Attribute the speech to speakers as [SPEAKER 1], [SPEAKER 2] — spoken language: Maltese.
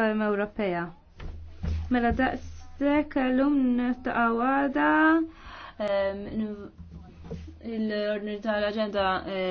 [SPEAKER 1] Ewropea. Mela daqstek l-lum n-taqawada
[SPEAKER 2] l-ordni tal-agenda eh,